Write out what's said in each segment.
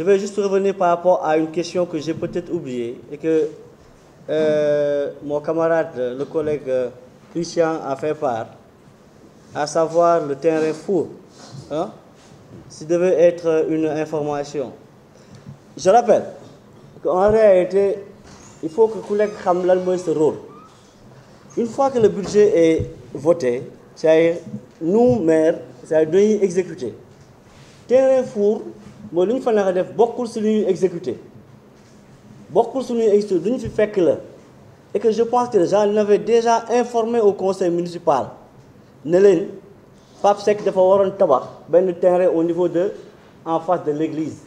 Je vais juste revenir par rapport à une question que j'ai peut-être oubliée et que euh, mon camarade, le collègue euh, Christian a fait part, à savoir le terrain fou. Hein? devait être une information. Je rappelle qu'en réalité, il faut que le collègue Khamlal ce rôle. Une fois que le budget est voté, c'est nous, maires, c'est à nous exécuter. Terrain four, mooy lu fa nar a def bokkul si lu exécuté bokkul si lu ñuy exécuté lu ñu fi fekk la et que je pense que les gens avaient déjà informé au conseil municipal ne leen Pape Seck dafa waroon tabax benn terrain au niveau de en face de l'église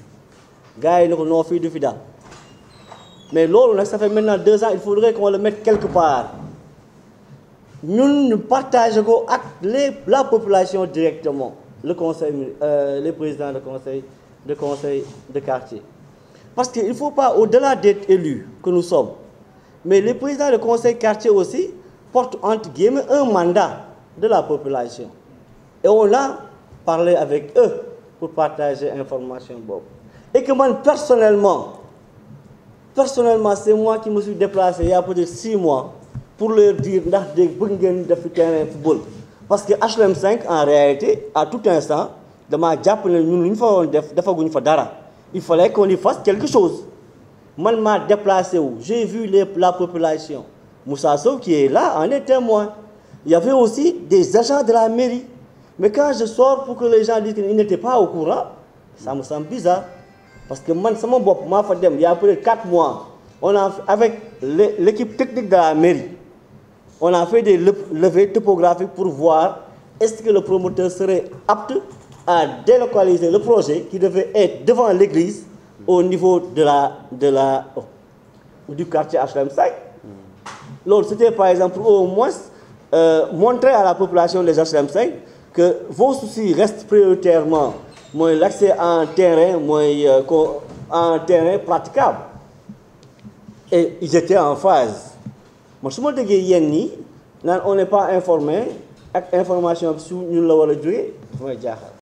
gars yi ne ko noo du fi mais loolu nag ça fait maintenant deux ans il faudrait qu'on le mette quelque part ñun ñu partage ak la population directement le conseil euh, les présidents de conseil de conseil de quartier. Parce qu'il ne faut pas, au-delà d'être élus que nous sommes, mais les présidents de conseil quartier aussi portent entre guillemets un mandat de la population. Et on a parlé avec eux pour partager l'information Et que moi, personnellement, personnellement, c'est moi qui me suis déplacé il y a peut de six mois pour leur dire de football. Parce que HLM5, en réalité, à tout instant, il fallait qu'on y fasse quelque chose man m'ai déplacé où j'ai vu la population Moussa qui est là en est témoin il y avait aussi des agents de la mairie mais quand je sors pour que les gens disent qu'ils n'étaient pas au courant ça me semble bizarre parce que man sama il y a peut de quatre mois on a avec l'équipe technique de la mairie on a fait des levées topographiques pour voir est-ce que le promoteur serait apte à délocaliser le projet qui devait être devant l'église au niveau de la, de la, oh, du quartier HLM 5. c'était par exemple au moins euh, montrer à la population des HLM 5 que vos soucis restent prioritairement l'accès à un terrain, moins, euh, terrain praticable. Et ils étaient en phase. Moi, je me dis on n'est pas informé, avec information, nous l'avons